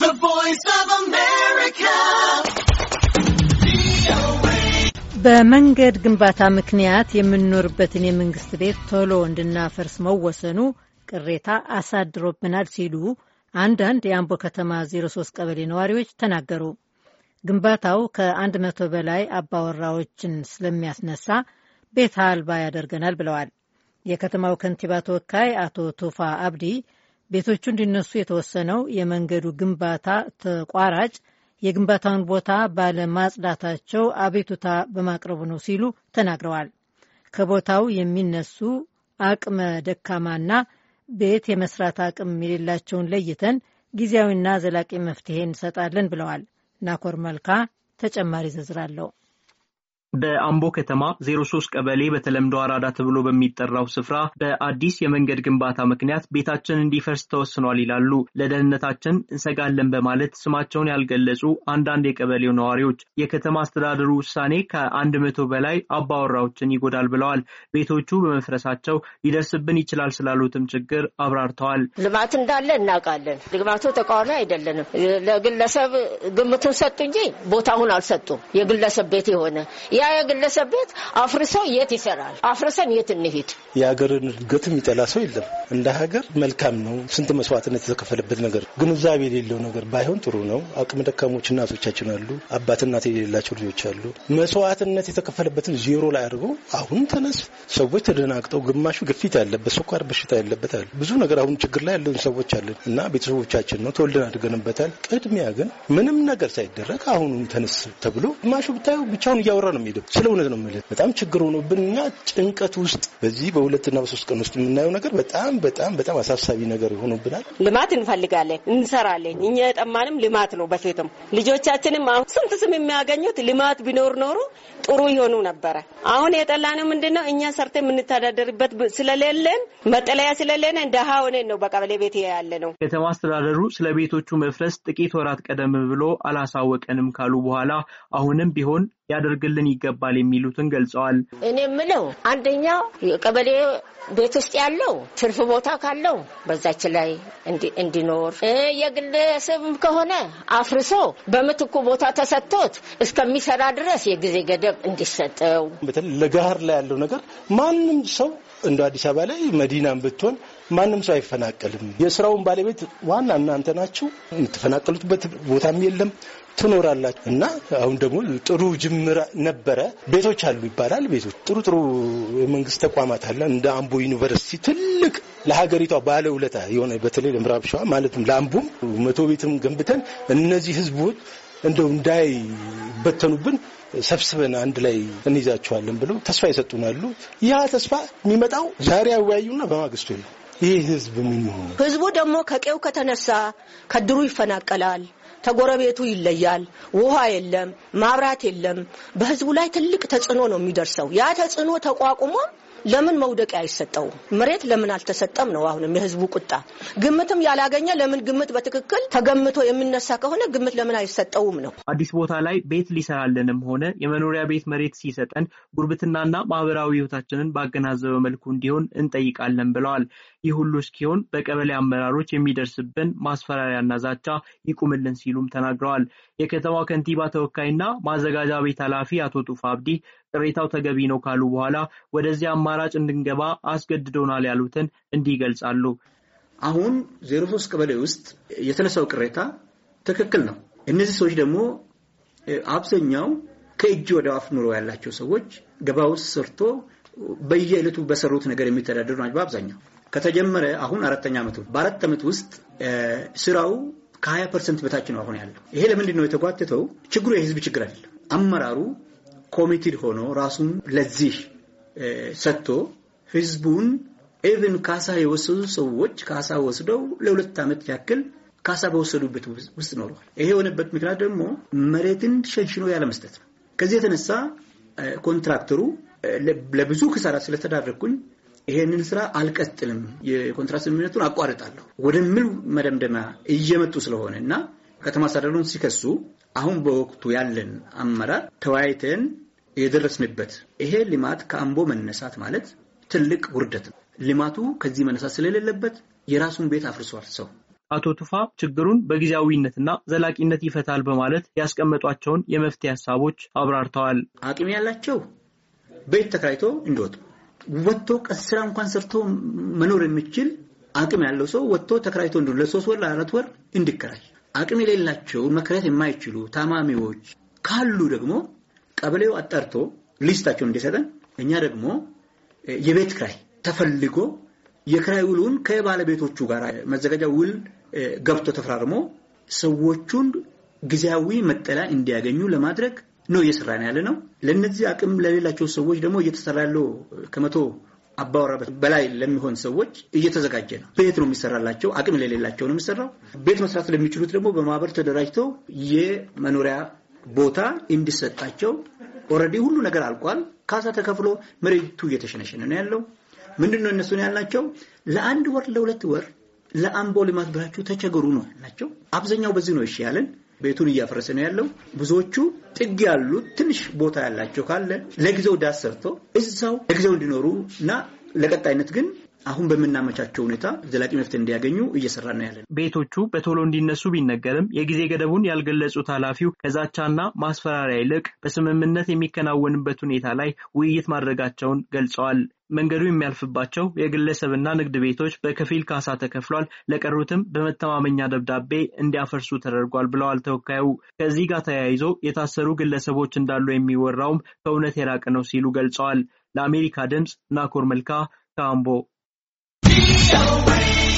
The Voice of America. በመንገድ ግንባታ ምክንያት የምንኖርበትን የመንግስት ቤት ቶሎ እንድናፈርስ መወሰኑ ቅሬታ አሳድሮብናል ሲሉ አንዳንድ የአምቦ ከተማ 03 ቀበሌ ነዋሪዎች ተናገሩ። ግንባታው ከ100 በላይ አባወራዎችን ስለሚያስነሳ ቤት አልባ ያደርገናል ብለዋል። የከተማው ከንቲባ ተወካይ አቶ ቱፋ አብዲ ቤቶቹ እንዲነሱ የተወሰነው የመንገዱ ግንባታ ተቋራጭ የግንባታውን ቦታ ባለማጽዳታቸው አቤቱታ በማቅረቡ ነው ሲሉ ተናግረዋል። ከቦታው የሚነሱ አቅመ ደካማና ቤት የመስራት አቅም የሌላቸውን ለይተን ጊዜያዊና ዘላቂ መፍትሄ እንሰጣለን ብለዋል። ናኮር መልካ ተጨማሪ ዝርዝር አለው። በአምቦ ከተማ 03 ቀበሌ በተለምዶ አራዳ ተብሎ በሚጠራው ስፍራ በአዲስ የመንገድ ግንባታ ምክንያት ቤታችን እንዲፈርስ ተወስኗል ይላሉ ለደህንነታችን እንሰጋለን በማለት ስማቸውን ያልገለጹ አንዳንድ የቀበሌው ነዋሪዎች። የከተማ አስተዳደሩ ውሳኔ ከአንድ መቶ በላይ አባወራዎችን ይጎዳል ብለዋል። ቤቶቹ በመፍረሳቸው ሊደርስብን ይችላል ስላሉትም ችግር አብራርተዋል። ልማት እንዳለ እናውቃለን። ልማቱ ተቃዋሚ አይደለንም። ለግለሰብ ግምቱን ሰጡ እንጂ ቦታውን አልሰጡም። የግለሰብ ቤት የሆነ ያ የግለሰብ ቤት አፍርሰው የት ይሰራል? አፍርሰን የት እንሄድ? የሀገርን እድገት የሚጠላ ሰው የለም። እንደ ሀገር መልካም ነው። ስንት መስዋዕትነት የተከፈለበት ነገር፣ ግንዛቤ የሌለው ነገር ባይሆን ጥሩ ነው። አቅም ደካሞች እናቶቻችን አሉ። አባት እናት የሌላቸው ልጆች አሉ። መስዋዕትነት የተከፈለበትን ዜሮ ላይ አድርገው አሁን ተነስ ሰዎች ተደናግጠው፣ ግማሹ ግፊት ያለበት ስኳር በሽታ ያለበት አለ። ብዙ ነገር አሁን ችግር ላይ ያለን ሰዎች አለን እና ቤተሰቦቻችን ነው ተወልደን አድገንበታል። ቅድሚያ ግን ምንም ነገር ሳይደረግ አሁኑ ተነስ ተብሎ ግማሹ ብታየው ብቻውን እያወራ ነው የምንሄደው። ስለ እውነት ነው የምልህ በጣም ችግር ሆኖብን ጭንቀት ውስጥ በዚህ በሁለትና በሶስት ቀን ውስጥ የምናየው ነገር በጣም በጣም በጣም አሳሳቢ ነገር ሆኖብናል። ልማት እንፈልጋለን፣ እንሰራለን። እኛ የጠማንም ልማት ነው። በፊትም ልጆቻችንም አሁን ስንት ስም የሚያገኙት ልማት ቢኖር ኖሮ ጥሩ ይሆኑ ነበረ። አሁን የጠላነው ምንድን ነው? እኛ ሰርተ የምንተዳደርበት ስለሌለን መጠለያ ስለሌለን ደሃ ሆነን ነው በቀበሌ ቤት ያለ ነው። ከተማ አስተዳደሩ ስለ ቤቶቹ መፍረስ ጥቂት ወራት ቀደም ብሎ አላሳወቀንም ካሉ በኋላ አሁንም ቢሆን ያደርግልን ይገባል የሚሉትን ገልጸዋል። እኔ የምለው አንደኛው የቀበሌ ቤት ውስጥ ያለው ትርፍ ቦታ ካለው በዛች ላይ እንዲኖር፣ የግለሰብም ከሆነ አፍርሶ በምትኩ ቦታ ተሰጥቶት እስከሚሰራ ድረስ የጊዜ ገደብ እንዲሰጠው በተለይ ለጋር ላይ ያለው ነገር ማንም ሰው እንደ አዲስ አበባ ላይ መዲናም ብትሆን ማንም ሰው አይፈናቀልም። የስራውን ባለቤት ዋና እናንተ ናችሁ። የምትፈናቀሉትበት ቦታም የለም ትኖራላችሁ እና አሁን ደግሞ ጥሩ ጅምር ነበረ። ቤቶች አሉ ይባላል። ቤቶች ጥሩ ጥሩ የመንግስት ተቋማት አለ እንደ አምቦ ዩኒቨርሲቲ ትልቅ ለሀገሪቷ ባለውለታ የሆነ በተለይ ለምዕራብ ሸዋ ማለትም ለአምቦም መቶ ቤትም ገንብተን እነዚህ ህዝቦች እንደው እንዳይበተኑብን ሰብስበን አንድ ላይ እንይዛቸዋለን ብለው ተስፋ ይሰጡናሉ። ያ ተስፋ የሚመጣው ዛሬ አወያዩና በማግስቱ ነው። ይህ ህዝብ ምን ይሆናል? ህዝቡ ደግሞ ከቄው ከተነሳ ከድሩ ይፈናቀላል። ተጎረቤቱ ይለያል፣ ውሃ የለም፣ ማብራት የለም። በህዝቡ ላይ ትልቅ ተጽዕኖ ነው የሚደርሰው። ያ ተጽዕኖ ተቋቁሞ ለምን መውደቂያ አይሰጠውም? መሬት ለምን አልተሰጠም ነው አሁንም የህዝቡ ቁጣ። ግምትም ያላገኘ ለምን ግምት በትክክል ተገምቶ የሚነሳ ከሆነ ግምት ለምን አይሰጠውም ነው። አዲስ ቦታ ላይ ቤት ሊሰራልንም ሆነ የመኖሪያ ቤት መሬት ሲሰጠን ጉርብትናና ማህበራዊ ህይወታችንን ባገናዘበ መልኩ እንዲሆን እንጠይቃለን ብለዋል። ይህ ሁሉ እስኪሆን በቀበሌ አመራሮች የሚደርስብን ማስፈራሪያና ዛቻ ይቁምልን ሲ ሲሉም ተናግረዋል። የከተማው ከንቲባ ተወካይና ማዘጋጃ ቤት ኃላፊ አቶ ጡፍ አብዲ ቅሬታው ተገቢ ነው ካሉ በኋላ ወደዚህ አማራጭ እንድንገባ አስገድዶናል ያሉትን እንዲህ ይገልጻሉ። አሁን ዜሮ ሶስት ቀበሌ ውስጥ የተነሳው ቅሬታ ትክክል ነው። እነዚህ ሰዎች ደግሞ አብዛኛው ከእጅ ወደ አፍ ኑሮ ያላቸው ሰዎች ገባ ውስጥ ሰርቶ በየዕለቱ በሰሩት ነገር የሚተዳደሩ ናቸው። በአብዛኛው ከተጀመረ አሁን አራተኛ ዓመቱ በአራት ዓመት ውስጥ ስራው ከሀያ ፐርሰንት በታች ነው አሁን ያለው። ይሄ ለምንድን ነው የተጓተተው? ችግሩ የህዝብ ችግር አይደለም። አመራሩ ኮሚቴድ ሆኖ ራሱን ለዚህ ሰጥቶ ህዝቡን ኢቭን ካሳ የወሰዱ ሰዎች ካሳ ወስደው ለሁለት ዓመት ያክል ካሳ በወሰዱበት ውስጥ ኖረዋል። ይሄ የሆነበት ምክንያት ደግሞ መሬትን ሸንሽኖ ያለመስጠት ነው። ከዚህ የተነሳ ኮንትራክተሩ ለብዙ ክሳራ ስለተዳረግኩኝ ይሄንን ስራ አልቀጥልም፣ የኮንትራት ስምምነቱን አቋርጣለሁ ወደሚል መደምደሚያ እየመጡ ስለሆነ እና ከተማ አስተዳደሩን ሲከሱ አሁን በወቅቱ ያለን አመራር ተወያይተን የደረስንበት ይሄ ልማት ከአምቦ መነሳት ማለት ትልቅ ውርደት ነው። ልማቱ ከዚህ መነሳት ስለሌለበት የራሱን ቤት አፍርሷል ሰው። አቶ ቱፋ ችግሩን በጊዜያዊነትና ዘላቂነት ይፈታል በማለት ያስቀመጧቸውን የመፍትሄ ሀሳቦች አብራርተዋል። አቅም ያላቸው ቤት ተከራይቶ እንዲወጡ ወጥቶ ስራ እንኳን ሰርቶ መኖር የሚችል አቅም ያለው ሰው ወጥቶ ተከራይቶ እንዲሁ ለሶስት ወር ለአራት ወር እንዲከራይ፣ አቅም የሌላቸው መከራየት የማይችሉ ታማሚዎች ካሉ ደግሞ ቀበሌው አጣርቶ ሊስታቸውን እንዲሰጠን፣ እኛ ደግሞ የቤት ክራይ ተፈልጎ የክራይ ውሉን ከባለቤቶቹ ጋር መዘጋጃ ውል ገብቶ ተፈራርሞ ሰዎቹን ጊዜያዊ መጠለያ እንዲያገኙ ለማድረግ ነው እየሰራን ያለ ነው። ለእነዚህ አቅም ለሌላቸው ሰዎች ደግሞ እየተሰራ ያለው ከመቶ አባወራ በላይ ለሚሆን ሰዎች እየተዘጋጀ ነው። ቤት ነው የሚሰራላቸው። አቅም ለሌላቸው ነው የሚሰራው። ቤት መስራት ለሚችሉት ደግሞ በማህበር ተደራጅተው የመኖሪያ ቦታ እንዲሰጣቸው ኦልሬዲ ሁሉ ነገር አልቋል። ካሳ ተከፍሎ መሬቱ እየተሸነሸነ ነው ያለው። ምንድን ነው እነሱን ያልናቸው ለአንድ ወር ለሁለት ወር ለአምቦ ልማት ብላችሁ ተቸገሩ ነው ያልናቸው። አብዛኛው በዚህ ነው እሺ ያለን። ቤቱን እያፈረሰ ነው ያለው። ብዙዎቹ ጥግ ያሉት ትንሽ ቦታ ያላቸው ካለ ለጊዜው ዳስ ሰርቶ እዛው ለጊዜው እንዲኖሩ እና ለቀጣይነት ግን አሁን በምናመቻቸው ሁኔታ ዘላቂ መፍትሄ እንዲያገኙ እየሰራ ነው ያለን። ቤቶቹ በቶሎ እንዲነሱ ቢነገርም የጊዜ ገደቡን ያልገለጹት ኃላፊው ከዛቻና ማስፈራሪያ ይልቅ በስምምነት የሚከናወንበት ሁኔታ ላይ ውይይት ማድረጋቸውን ገልጸዋል። መንገዱ የሚያልፍባቸው የግለሰብና ንግድ ቤቶች በከፊል ካሳ ተከፍሏል፣ ለቀሩትም በመተማመኛ ደብዳቤ እንዲያፈርሱ ተደርጓል ብለዋል ተወካዩ። ከዚህ ጋር ተያይዞ የታሰሩ ግለሰቦች እንዳሉ የሚወራውም ከእውነት የራቀ ነው ሲሉ ገልጸዋል። ለአሜሪካ ድምፅ ናኮር መልካ ካምቦ Show me.